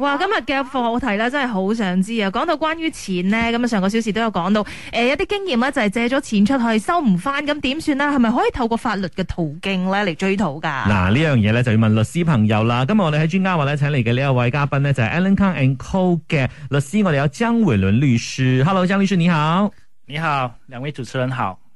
哇！今日嘅課題咧，真係好想知啊！講到關於錢呢，咁啊上個小時都有講到，誒、呃，一啲經驗咧就係借咗錢出去收唔翻，咁點算咧？係咪可以透過法律嘅途徑咧嚟追討噶？嗱、啊，樣呢樣嘢咧就要問律師朋友啦。今日我哋喺專家話題咧，請嚟嘅呢一位嘉賓呢，就係、是、Alan Kang & Co 嘅律師，我哋有江偉倫律師。Hello，江律師你好，你好，兩位主持人好。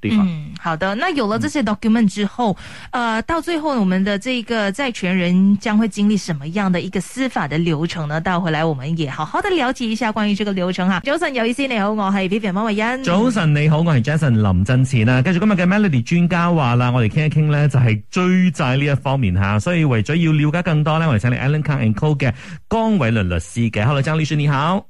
地方嗯，好的。那有了這些 document 之後，嗯、呃，到最後我們的這個債權人將會經歷什麼樣的一個司法的流程呢？到回來我們也好好的了解一下關於這個流程哈。早晨有意思，你好，我是 Vivian 馬慧欣。早晨你好，我是 Jason 林振前啊。跟住今日嘅 Melody 專家話啦，我哋傾一傾呢，就係追債呢一方面吓，所以為咗要了解更多呢，我哋請你 Alan Kang & Co 嘅江偉倫律、律師嘅。Hello，江律師你好。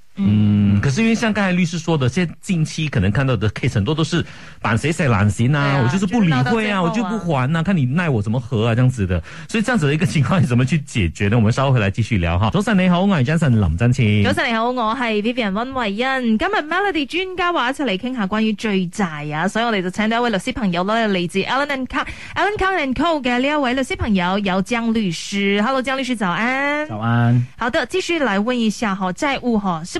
嗯，嗯，可是因為像剛才律師說的，現在近期可能看到的 case 很多都是，板誰誰攬行啊。我就是不理會啊，到到啊我就不還啊。看你奈我怎麼和啊，這樣子的，所以這樣子的一個情況，你怎麼去解決呢？我們稍後回來繼續聊哈。早晨你好，我係 Jason 林振清。早晨你好，我係 Vivian 溫慧恩。今日 Melody 專家話一齊嚟傾下關於追債啊，所以我哋就請到一位律師朋友咧，嚟自 Alan Kang & Co, Alan Kang & Co 嘅呢一位律師朋友由江律師。Hello，江律師早安。早安。好的，繼續來問一下哈，債務哈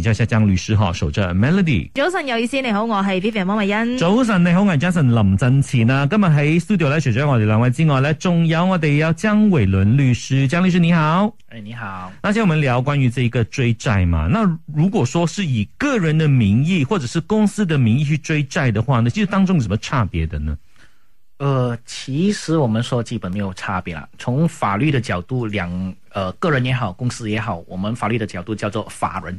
叫下江律師嗬，守住 Melody。早晨，有意思，你好，我係 Vivian 莫咪欣。早晨，你好，我係 Jackson，林振奇呢。今日喺 studio 咧，除咗我哋兩位之外呢，仲有我哋嘅江偉倫律師。江律師你好，誒、欸、你好。那今天我們聊關於這一個追債嘛。那如果說是以個人的名義，或者是公司的名義去追債的話呢，其實當中有什麼差別的呢？呃，其實我們說基本沒有差別啦。從法律的角度，兩呃個人也好，公司也好，我們法律的角度叫做法人。